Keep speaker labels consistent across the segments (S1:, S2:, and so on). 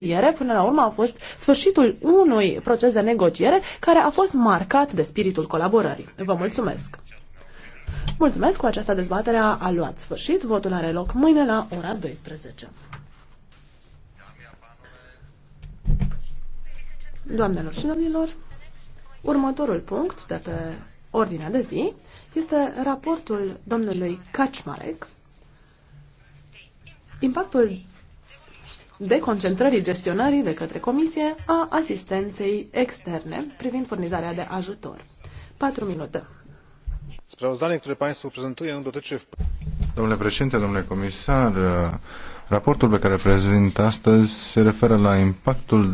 S1: negociere, până la urmă a fost sfârșitul unui proces de negociere care a fost marcat de spiritul colaborării. Vă mulțumesc! Mulțumesc, cu această dezbatere a luat sfârșit. Votul are loc mâine la ora 12. Doamnelor și domnilor, următorul punct de pe ordinea de zi este raportul domnului Kaczmarek. Impactul deconcentrării gestionării de către Comisie a asistenței externe privind furnizarea de ajutor. 4 minute.
S2: Sprawozdanie, które Państwu prezentuję, dotyczy... Domnule președinte, domnule comisar, raportul pe care îl prezint astăzi se referă la impactul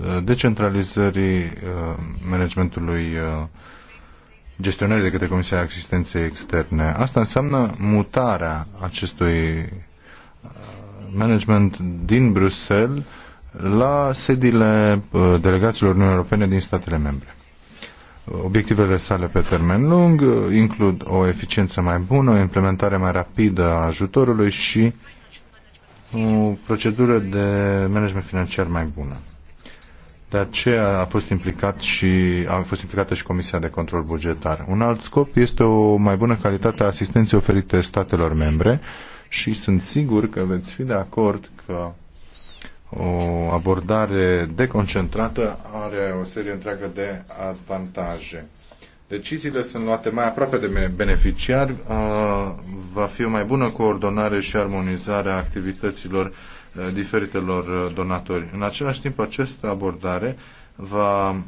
S2: uh, decentralizării uh, managementului uh, gestionării de către Comisia Asistenței Externe. Asta înseamnă mutarea acestui management din Bruxelles la sediile uh, delegațiilor Uniunii Europene din statele membre. Obiectivele sale pe termen lung uh, includ o eficiență mai bună, o implementare mai rapidă a ajutorului și o procedură de management financiar mai bună. De aceea a fost, implicat și, a fost implicată și Comisia de Control Bugetar. Un alt scop este o mai bună calitate a asistenței oferite statelor membre și sunt sigur că veți fi de acord că o abordare deconcentrată are o serie întreagă de avantaje. Deciziile sunt luate mai aproape de beneficiari, va fi o mai bună coordonare și armonizare a activităților diferitelor donatori. În același timp, această abordare va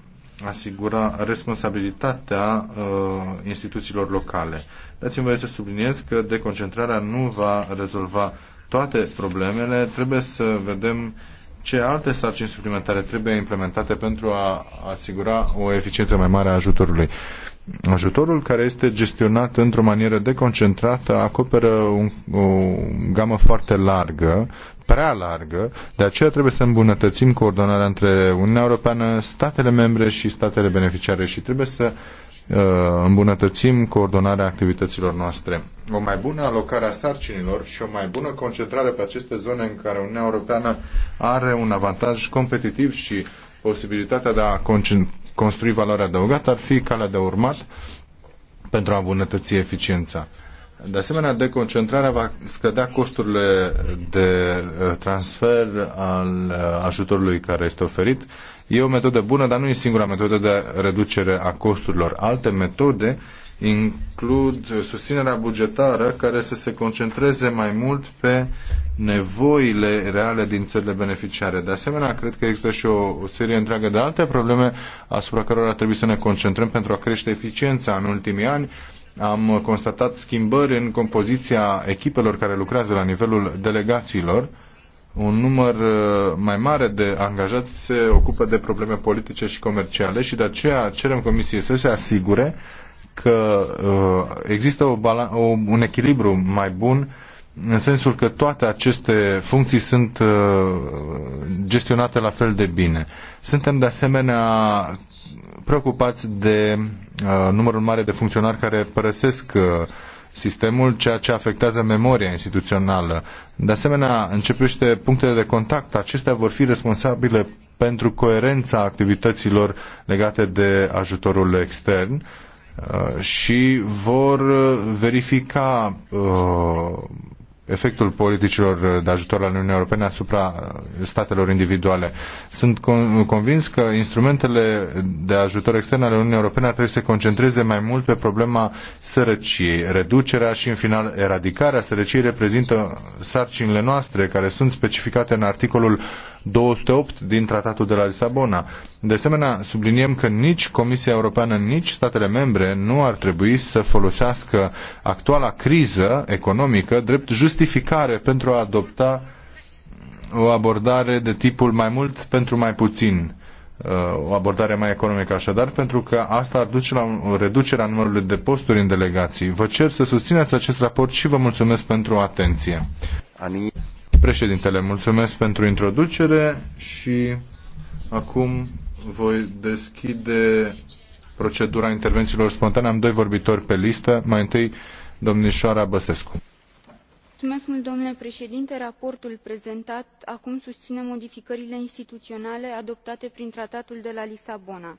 S2: asigura responsabilitatea uh, instituțiilor locale. Dați-mi voie să subliniez că deconcentrarea nu va rezolva toate problemele, trebuie să vedem ce alte sarcini suplimentare trebuie implementate pentru a asigura o eficiență mai mare a ajutorului. Uh, Ajutorul care este gestionat într-o manieră deconcentrată acoperă un, o gamă foarte largă, prea largă, de aceea trebuie să îmbunătățim coordonarea între Uniunea Europeană, statele membre și statele beneficiare și trebuie să uh, îmbunătățim coordonarea activităților noastre. O mai bună alocare a sarcinilor și o mai bună concentrare pe aceste zone în care Uniunea Europeană are un avantaj competitiv și posibilitatea de a construi valoare adăugată ar fi calea de urmat pentru a îmbunătăți eficiența. De asemenea, deconcentrarea va scădea costurile de uh, transfer al uh, ajutorului care este oferit. E o metodă bună, dar nu e singura metodă de reducere a costurilor. Alte metode includ susținerea bugetară care să se concentreze mai mult pe nevoile reale din țările beneficiare. De asemenea, cred că există și o, o serie întreagă de alte probleme asupra cărora trebuie să ne concentrăm pentru a crește eficiența în ultimii ani. Am constatat schimbări în compoziția echipelor care lucrează la nivelul delegațiilor. Un număr uh, mai mare de angajați se ocupă de probleme politice și comerciale și de aceea cerem Comisiei să se asigure că uh, există o, un echilibru mai bun în sensul că toate aceste funcții sunt uh, gestionate la fel de bine. Suntem de asemenea preocupați de uh, numărul mare de funcționari care părăsesc sistemul, ceea ce afectează memoria instituțională. De asemenea, începește punctele de contact. Acestea vor fi responsabile pentru coerența activităților legate de ajutorul extern Uh, și vor uh, verifica uh, efectul politicilor de ajutor al Uniunii Europene asupra statelor individuale. Sunt convins că instrumentele de ajutor extern ale Uniunii Europene ar trebui să se concentreze mai mult pe problema sărăciei. Reducerea și, în final, eradicarea sărăciei reprezintă sarcinile noastre care sunt specificate în articolul 208 din Tratatul de la Lisabona. De asemenea, subliniem că nici Comisia Europeană, nici statele membre nu ar trebui să folosească actuala criză economică drept justificare pentru a adopta o abordare de tipul mai mult pentru mai puțin uh, o abordare mai economică așadar, pentru că asta ar duce la o reducere a numărului de posturi în delegații. Vă cer să susțineți acest raport și vă mulțumesc pentru atenție. Președintele, mulțumesc pentru introducere și acum voi deschide procedura intervențiilor spontane. Am doi vorbitori pe listă. Mai întâi, domnișoara Băsescu.
S3: Mulțumesc, domnule președinte. raportul prezentat acum susține modificările instituționale adoptate prin tratatul de la lisabona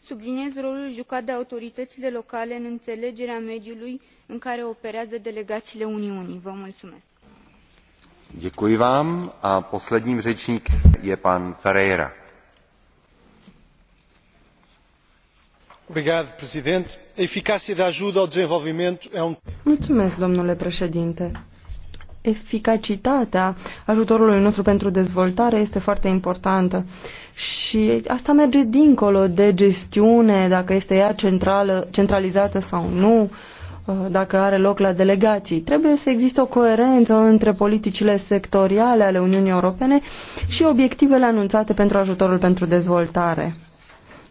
S3: subliniez rolul jucat de autorităile locale în înelegerea mediului în care operează delegaiile uniunii.
S2: eficacia de da ajuda ao desenvolvimento é
S4: um- eficacitatea ajutorului nostru pentru dezvoltare este foarte importantă. Și asta merge dincolo de gestiune, dacă este ea centrală, centralizată sau nu, ă, dacă are loc la delegații. Trebuie să existe o coerență între politicile sectoriale ale Uniunii Europene și obiectivele anunțate pentru ajutorul pentru dezvoltare.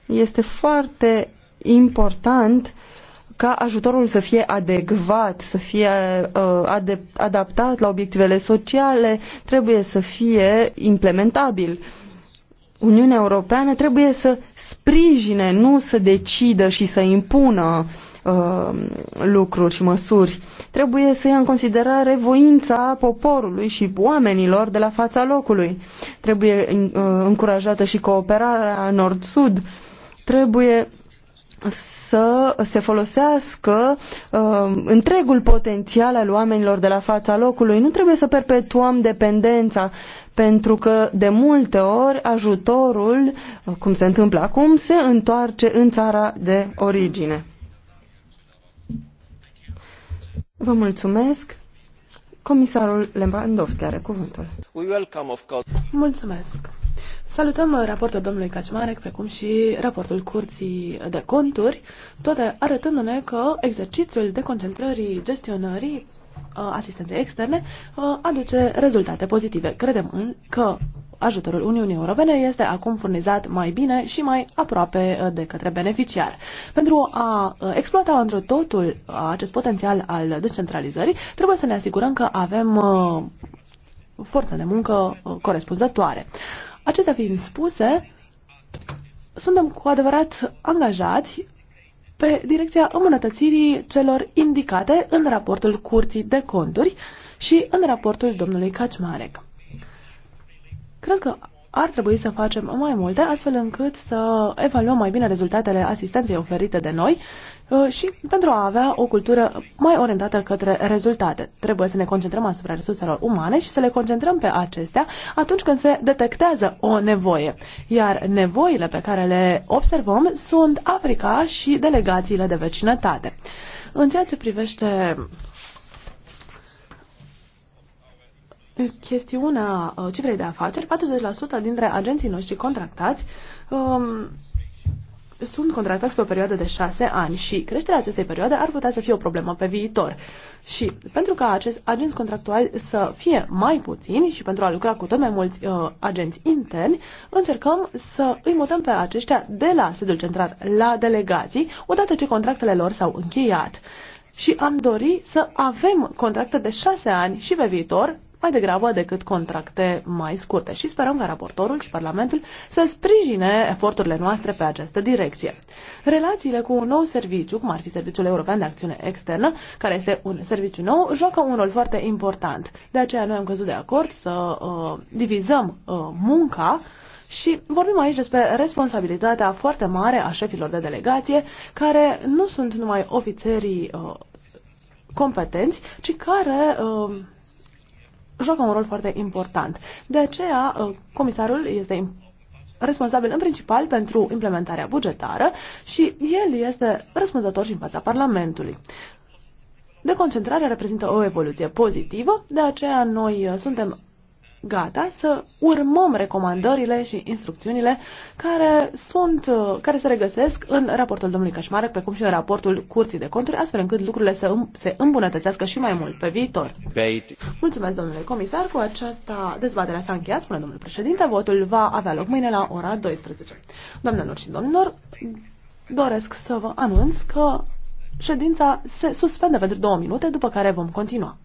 S4: Este foarte important uh, ca ajutorul să fie adecvat, să fie uh, adaptat la obiectivele sociale, trebuie să fie implementabil. Uniunea Europeană trebuie să sprijine, nu să decidă și să impună uh, lucruri și măsuri. Trebuie să ia în considerare voința poporului și oamenilor de la fața locului. Trebuie uh, încurajată și cooperarea nord-sud. Trebuie să se folosească uh, întregul potențial al oamenilor de la fața locului. Nu trebuie să perpetuăm dependența, pentru că de multe ori ajutorul, cum se întâmplă acum, se întoarce în țara de origine. Vă mulțumesc. Comisarul Lewandowski are cuvântul.
S1: Mulțumesc. Salutăm raportul domnului Cacimarec, precum și raportul Curții de Conturi, toate arătându-ne că exercițiul de concentrării gestionării uh, asistenței externe uh, aduce rezultate pozitive. Credem că ajutorul Uniunii Europene este acum furnizat mai bine și mai aproape uh, de către beneficiar. Pentru a exploata într totul acest potențial al descentralizării, trebuie să ne asigurăm că avem forță de muncă corespunzătoare. Acestea fiind spuse, suntem cu adevărat angajați pe direcția îmbunătățirii celor indicate în raportul Curții de Conturi și în raportul domnului Kaczmarek. Cred că ar trebui să facem mai multe, astfel încât să evaluăm mai bine rezultatele asistenței oferite de noi uh, și pentru a avea o cultură mai orientată către rezultate. Trebuie să ne concentrăm asupra resurselor umane și să le concentrăm pe acestea atunci când se detectează o nevoie. Iar nevoile pe care le observăm sunt Africa și delegațiile de vecinătate. În ceea ce privește chestiunea uh, cifrei de afaceri, 40% dintre agenții noștri contractați um, sunt contractați pe o perioadă de șase ani și creșterea acestei perioade ar putea să fie o problemă pe viitor. Și pentru ca acest agenți contractuali să fie mai puțini și pentru a lucra cu tot mai mulți uh, agenți interni, încercăm să îi mutăm pe aceștia de la sediul central la delegații, odată ce contractele lor s-au încheiat. Și am dori să avem contracte de șase ani și pe viitor mai degrabă decât contracte mai scurte și sperăm ca raportorul și Parlamentul să sprijine eforturile noastre pe această direcție. Relațiile cu un nou serviciu, cum ar fi Serviciul European de Acțiune Externă, care este un serviciu nou, joacă un rol foarte important. De aceea noi am căzut de acord să uh, divizăm uh, munca și vorbim aici despre responsabilitatea foarte mare a șefilor de delegație, care nu sunt numai ofițerii uh, competenți, ci care uh, joacă un rol foarte important. De aceea, uh, comisarul este responsabil în principal pentru implementarea bugetară și el este răspunzător și în fața Parlamentului. Deconcentrarea reprezintă o evoluție pozitivă, de aceea noi uh, suntem gata să urmăm recomandările și instrucțiunile care, sunt, uh, care se regăsesc în raportul domnului Cașmarec, precum și în raportul Curții de Conturi, astfel încât lucrurile să se îmbunătățească și mai mult pe viitor. Mulțumesc, domnule comisar, cu aceasta dezbaterea s-a încheiat, spune domnul președinte, votul va avea loc mâine la ora 12. Doamnelor și domnilor, doresc să vă anunț că ședința se suspendă pentru două minute, după care vom continua.